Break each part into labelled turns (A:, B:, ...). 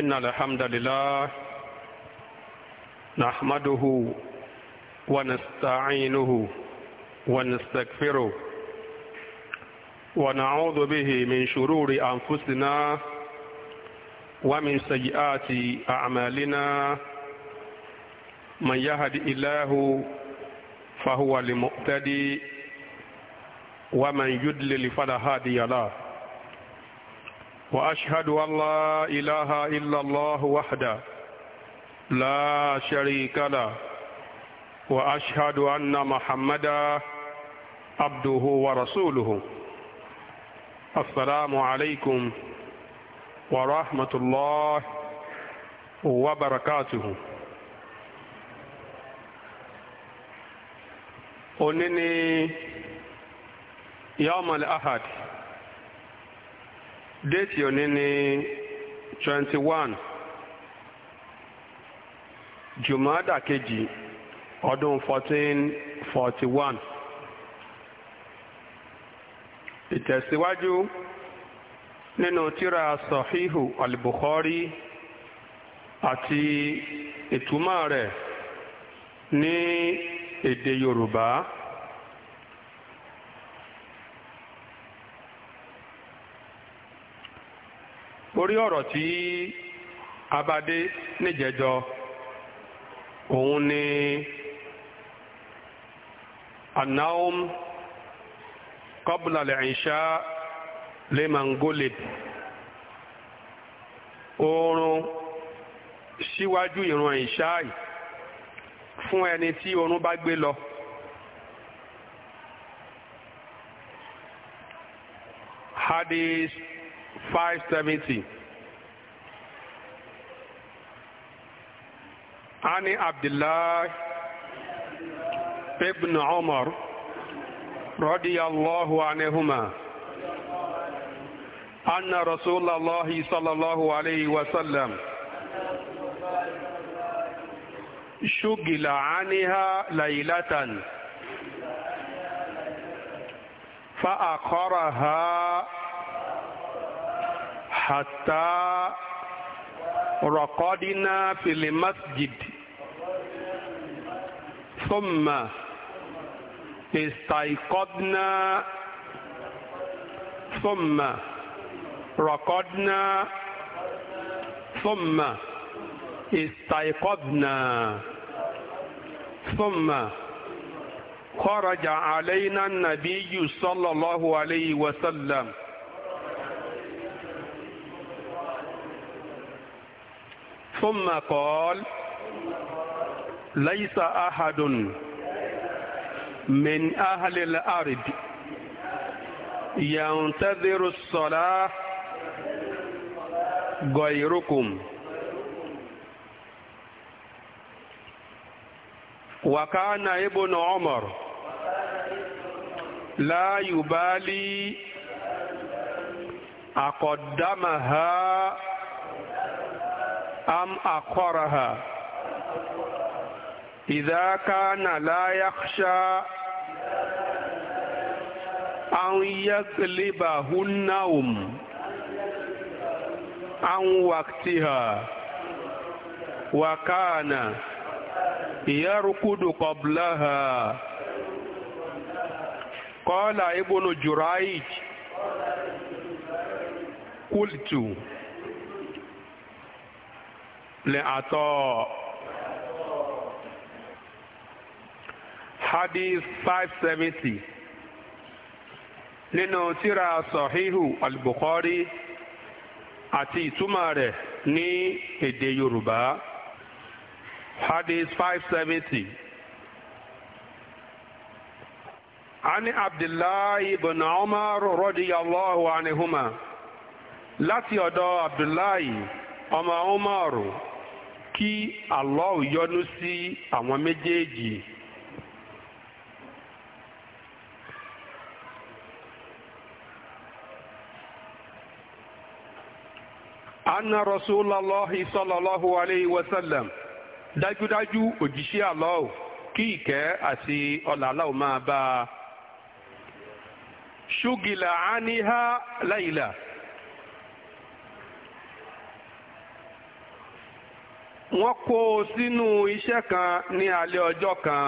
A: إن الحمد لله نحمده ونستعينه ونستغفره ونعوذ به من شرور أنفسنا ومن سيئات أعمالنا من يهد الله فهو لمؤتدي ومن يدلل فلا هادي له وأشهد أن لا إله إلا الله وحده لا شريك له وأشهد أن محمدا عبده ورسوله السلام عليكم ورحمة الله وبركاته أنني يوم الأحد Date òní ni twenty one jùmọ́dà kejì ọdún fourteen forty one ìtẹ̀síwájú nínú tírà sọ̀híhù al-Bukhari àti ìtumọ̀ rẹ̀ ní èdè Yorùbá. orí ọ̀rọ̀ tí abadé níjẹjọ òun ni anaum kọbùlàlẹ̀ ìṣá lẹ́màngólẹ̀ oorun síwájú ìran ìṣáì fún ẹni tí oorun bá gbé lọ. hadith five seventy. عن عبد الله ابن عمر رضي الله عنهما أن رسول الله صلى الله عليه وسلم شغل عنها ليلة فأقرها حتى رقدنا في المسجد ثم استيقظنا ثم رقدنا ثم استيقظنا ثم خرج علينا النبي صلى الله عليه وسلم ثم قال ليس أحد من أهل الأرض ينتظر الصلاة غيركم وكان ابن عمر لا يبالي أقدمها أم أقرها إذا كان لا يخشى أن يغلبه النوم عن وقتها وكان يركض قبلها قال ابن جريج قلت لعطاء hadith five seventy nínú tírà sọ̀híhù al-Bukhari àti ìtumọ̀ rẹ̀ ní èdè Yorùbá hadith five seventy. عن عبد الله بن عمر رضي الله عنهما láti ọ̀dọ̀ Abdullahi ọmọ Umaru kí Allah yọnu sí àwọn méjèèjì. anna rasulallahi sallallahu alayhi wa sallam dájúdájú òjíṣẹ́ Allah kí ìkẹ́ àti ọlà Allah máa bá a ṣúgìlà áníhá láìlà wọ́n kó o sínú iṣẹ́ kan ní alẹ́ ọjọ́ kan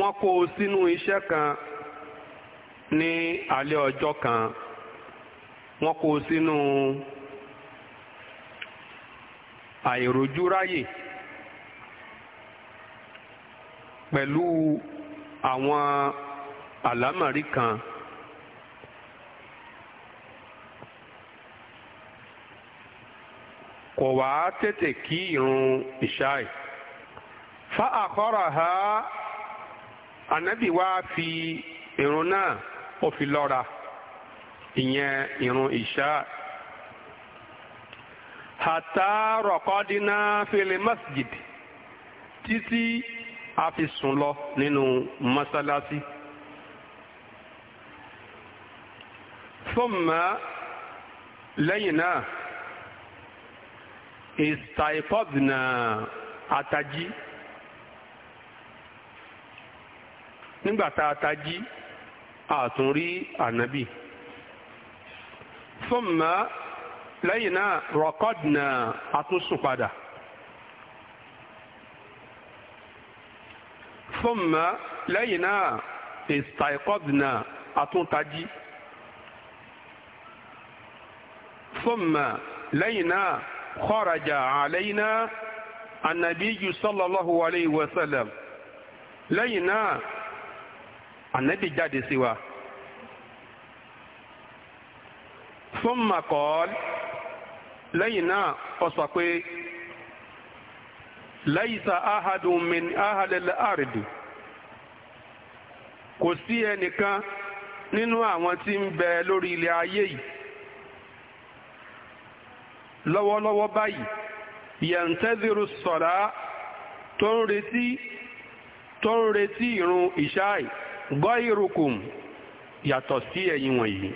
A: wọ́n kó o sínú iṣẹ́ kan ní alẹ́ ọjọ́ kan wọ́n kó o sínú àìrójúráyè pẹ̀lú àwọn àlámọ̀rí kan. kò wá tètè kí irun ìṣáì fa àkọ́rọ̀ ha ànábì wá fi irun náà ó fi lọ́ra ìyẹn irun ìṣá hàtà rọ̀kọ́dínà fèlè masjid títí a fi sùn lọ nínú mọ́sálásí. fúnmọ́ lẹ́yìn náà. istaifodna atají nígbà tá a tají àtúnrí ànábì thumma lẹ́yìn náà rọ̀kọ́dìnà àtúnsùn padà thumma lẹ́yìn náà istaifodna àtúntají thumma lẹ́yìn náà. خرج علينا النبي صلى الله عليه وسلم لينا النبي جاد سوى ثم قال لينا أصقي ليس أحد من أهل الأرض kò sí ẹnìkan nínú àwọn tí ń bẹ lórí ilẹ̀ ayé yìí lọ́wọ́lọ́wọ́ báyìí yẹ̀ntẹ́dìrú sọ̀rá tó ń retí tó ń retí ìrun ìṣáì gọ́ ìrùkùn yàtọ̀ sí ẹ̀yin wọ̀nyí.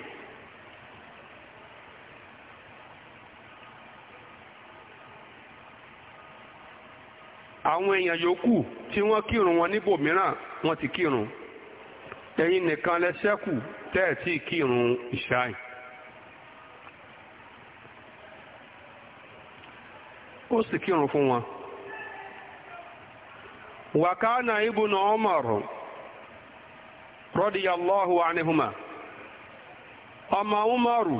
A: àwọn èèyàn yòókù tí wọ́n kírun wọn níbòmíràn wọ́n ti kírun nìkan tẹ́ẹ̀ tí kírun ìṣáì. ó sì kírun fún wọn. wàkánà ibùnà Umar radiyallahu anihuma ọmọ Umaru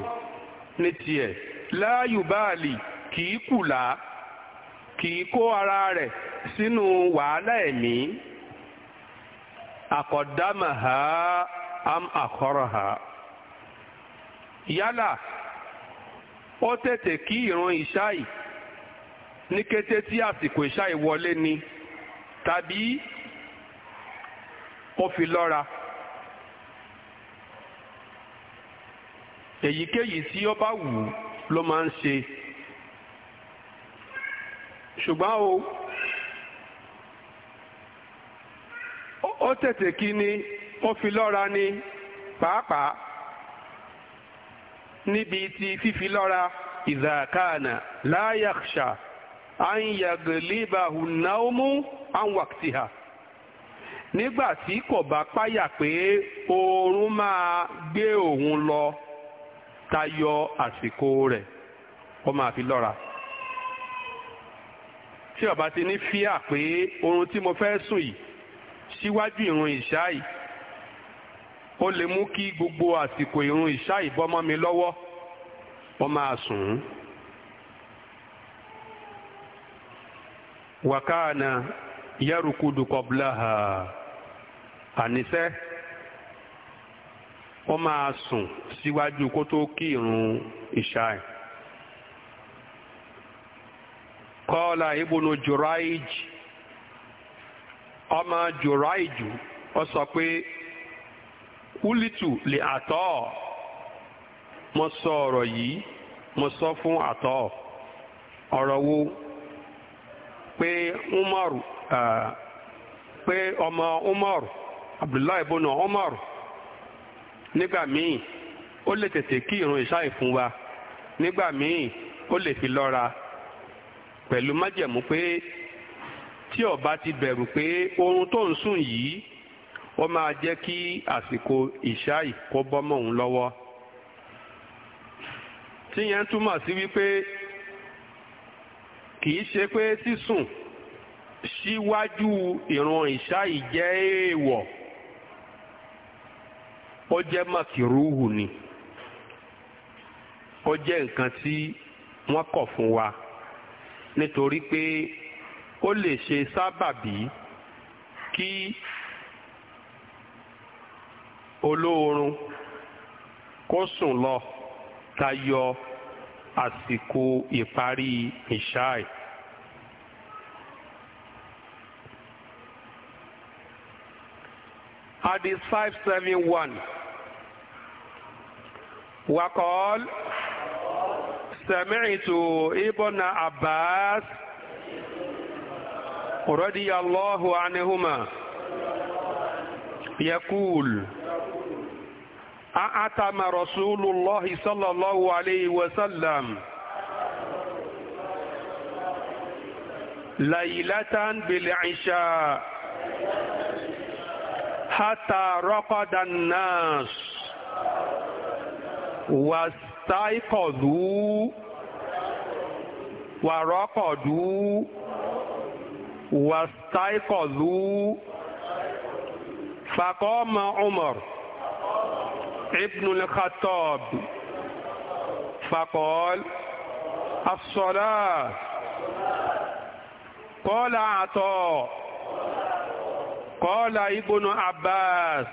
A: ní tiẹ̀ láàyù báàlì kìí kùlà kìí kó ara rẹ sínú wàhálà ẹ̀mí akọdama ha am àkọ́rọ̀ ha yálà ó tètè kí ìran ìṣáì ní kété tí àsìkò ìṣáì wọlé ni tàbí ó fi lọ́ra èyíkéyìí tí ó bá wù ú ló máa ń ṣe ṣùgbọ́n o ó tètè kí ni ó fi lọ́ra ni pàápàá níbi tí fífi lọ́ra ìzàkánà láyàṣà an yagilibahu naumu an waktiha nígbà tí kò bá páyà pé oorun máa gbé òun lọ tayọ àsìkò rẹ̀ ó máa fi lọ́ra tí ọba ti ní fíà pé oorun tí mo fẹ́ sùn yìí síwájú ìrun ìṣáì ó lè mú kí gbogbo àsìkò ìrun ìṣáì bọ́ mọ́ mi lọ́wọ́ ó máa sùn ún. wakana yarukudu qablaha àníṣẹ́ ó máa sùn síwájú kó tó kí irun ìṣáì kọ́ọ̀lá ibùnú jùráìjì ọmọ jùráìjù ó sọ pé kúlìtù lè àtọ́ mo sọ ọ̀rọ̀ yìí mo sọ fún àtọ́ ọ̀rọ̀ pé umaru pé ọmọ umaru abdullahi bono umaru nígbà míì ó lè tètè kí ìrun ìṣáì fún wa nígbà míì ó lè fi lọ́ra pẹ̀lú májẹ̀mú pé tí ó ti bẹ̀rù pé oorun tó ń sùn yìí ó máa jẹ́ kí àsìkò ìṣáì kó bọ́ mọ́ òun lọ́wọ́ tíyẹn túmọ̀ sí wípé kì í ṣe pé sísùn síwájú ìrun ìṣáì jẹ́ èèwọ̀ ó jẹ́ màkìrúhù ni ó jẹ́ nǹkan tí wọ́n kọ̀ fún wa nítorí pé ó lè ṣe sábàbí kí olóorun kó sùn lọ tayọ àsìkò ìparí ìṣáì. Hadith five seven one. وقال سمعت ابن عباس رضي الله عنهما يقول أعتم رسول الله صلى الله عليه وسلم ليلة بالعشاء حتى رقد الناس واستيقظوا ورقدوا واستيقظوا فقام عمر ابن الخطاب فقال الصلاة قال عطاء قال ابن عباس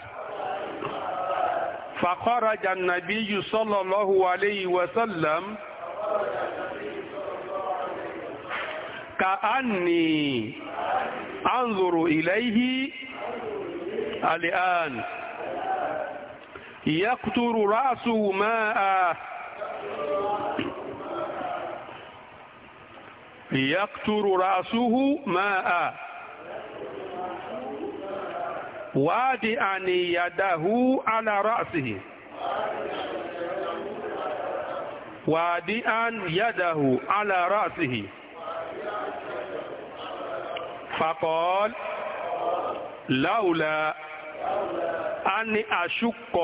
A: فخرج النبي صلى الله عليه وسلم كأني أنظر إليه الآن يقطر رأسه ماء يقطر رأسه ماء أن يده على رأسه أن يده على رأسه فقال لولا أني أشق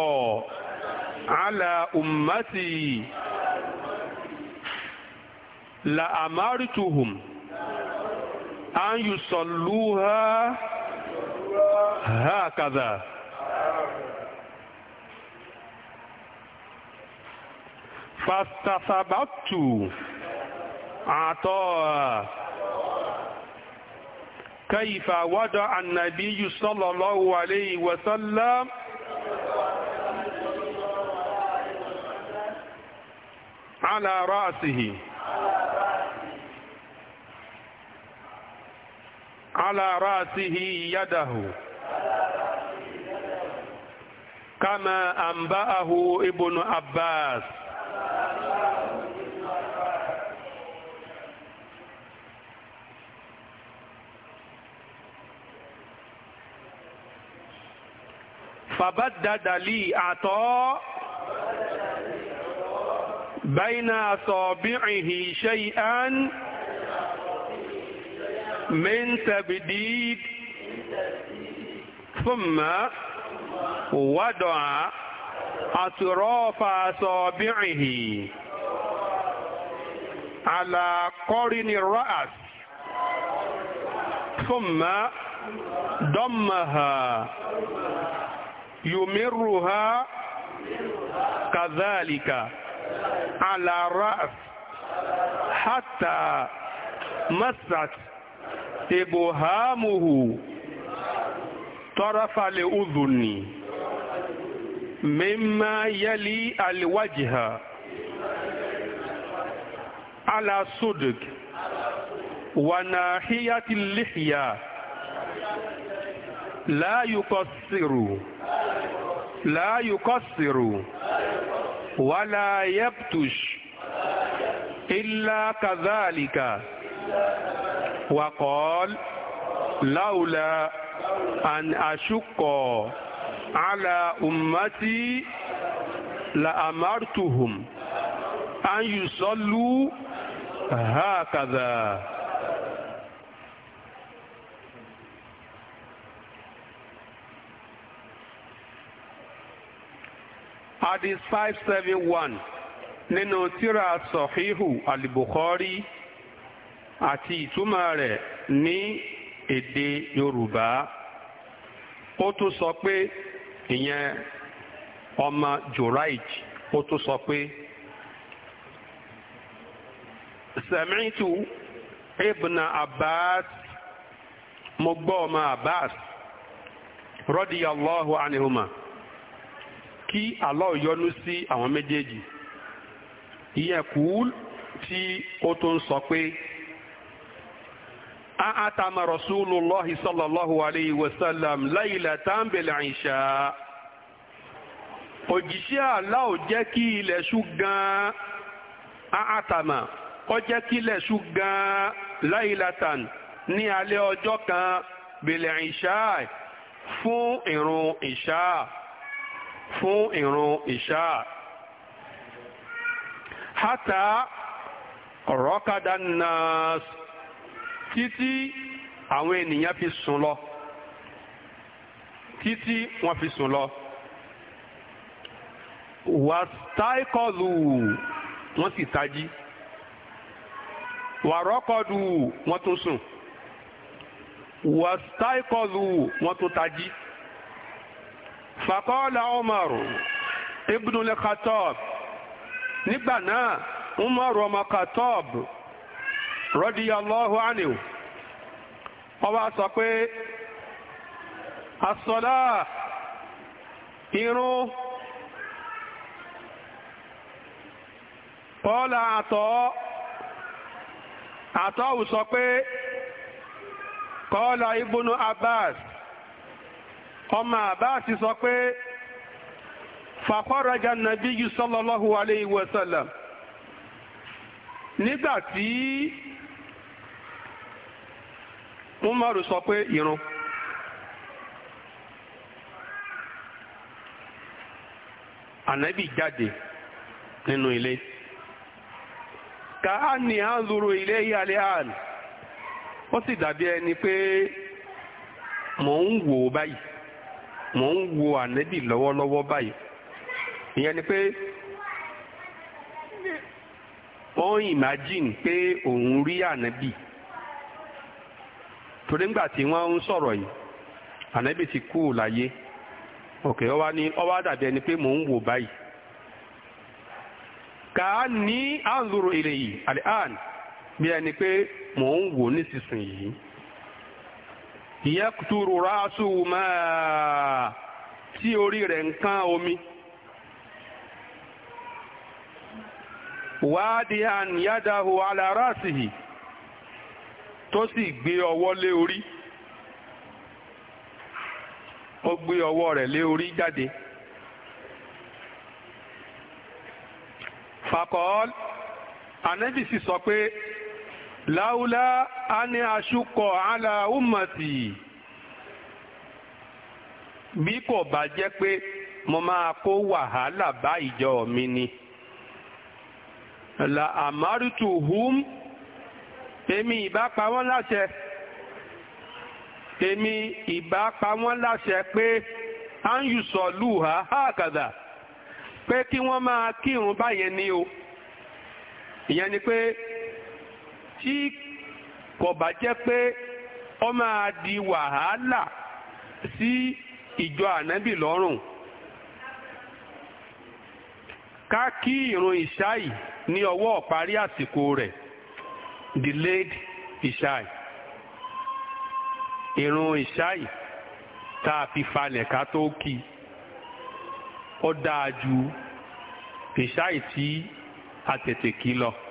A: على أمتي لأمرتهم أن يصلوها هكذا فاستثبت عطاء كيف وضع النبي صلى الله عليه وسلم على رأسه على رأسه يده كما أنبأه ابن عباس فبدد لي عطاء بين أصابعه شيئا من تبديد ثم وضع أطراف أصابعه على قرن الرأس ثم ضمها يمرها كذلك على رأس حتى مست إبهامه طرف الأذن مما يلي الوجه على صدق وناحية اللحية لا يقصر لا يقصر wala yabtush illa kadhalika wa qala laula an ashukka ala ummati la amartuhum an yusallu hakadha hadith five seven one nínú tíra sọ̀híhù àlìbùkọ́rí àti ìtumọ̀ rẹ̀ ní èdè yorùbá ó tún sọ pé ìyẹn ọmọ joraj ó tún sọ pé sẹ̀mìtù ibn abbas mo gbọ́ ọmọ abbas kí Allah yọ́nú sí àwọn méjèèjì ìyẹn kù tí ó tó ń sọ pé àtàmà Rasulullahi sallallahu alayhi wa sallam laylatan bil isha òjìṣẹ́ Allah ò jẹ́ kí ilẹ̀ ṣú gan-an àtàmà ó jẹ́ kí ilẹ̀ ṣú gan-an laylatan ní alẹ́ ọjọ́ kan bil isha fún ìrun ìṣá fún ìrun ìṣá hátà ọ̀rọ̀ kádà náà títí àwọn ènìyàn fi sùn lọ títí wọ́n fi sùn lọ wàtáìkọlù wọ́n sì tají wàrọ́kọlù wọ́n tún sùn wàtáìkọlù wọ́n tún tají. fàkọ́ọ̀lá ọmọrù ibùdó katob nígbà náà umaru ọmọ katob radiyallahu anhu ó wá sọ pé asọ́lá irun kọ́ọ̀lá àtọ́ atọ, sọ pé kọ́ọ̀lá ibùdó abbas ọmọ àbá ti sọ pé fàkọ́rọ̀gá nàbí yìí sallallahu alayhi wa sallam nígbà Umaru sọ pé ìrun ànábì jáde nínú ilé káà ní à ń luru ilé yìí alẹ́ àná ó sì dàbí ẹni pé mò ń mò ń wo ànẹ́bì lọ́wọ́lọ́wọ́ báyìí ìyẹn ni pé ó imagine pé òun rí ànẹ́bì torí ńgbà tí wọ́n ń sọ̀rọ̀ yìí ànẹ́bì ti kú láyé òkè ó dàbí ẹni pé mò ń wò báyìí kàá ní àǹzòrò èrè yìí àlẹ́ bí ẹni pé mò ń wò nísinsìnyí. yẹ́kùtùrù ráṣù maa tí orí rẹ nkan omi, omi. wáàdì àn yádàhù aláràṣìhì tó sì gbé ọwọ́ lé orí ó gbé ọwọ́ rẹ̀ lé orí sọ láúlá a ní aṣúkọ̀ ala ummati bí kò bá jẹ́ pé mo máa kó wàhálà bá ìjọ mi ni la àmárùtù hum èmi ìbá pa wọ́n láṣẹ èmi ìbá pa wọ́n láṣẹ pé a ń yùsọ̀ lù ha hákàdà pé kí wọ́n máa kírun báyẹn ni o ìyẹn ni pé tí kò bá jẹ́ pé ọ máa di wàhálà sí ìjọ ànábì lọ́rùn ká kí ìrùn ìṣáì ní ọwọ́ parí àsìkò rẹ̀ delayed ìṣáì Ìrùn ìṣáì tá a fi falẹ̀ ká tó kí ó dáa ju ìṣáì tí a tètè kí lọ.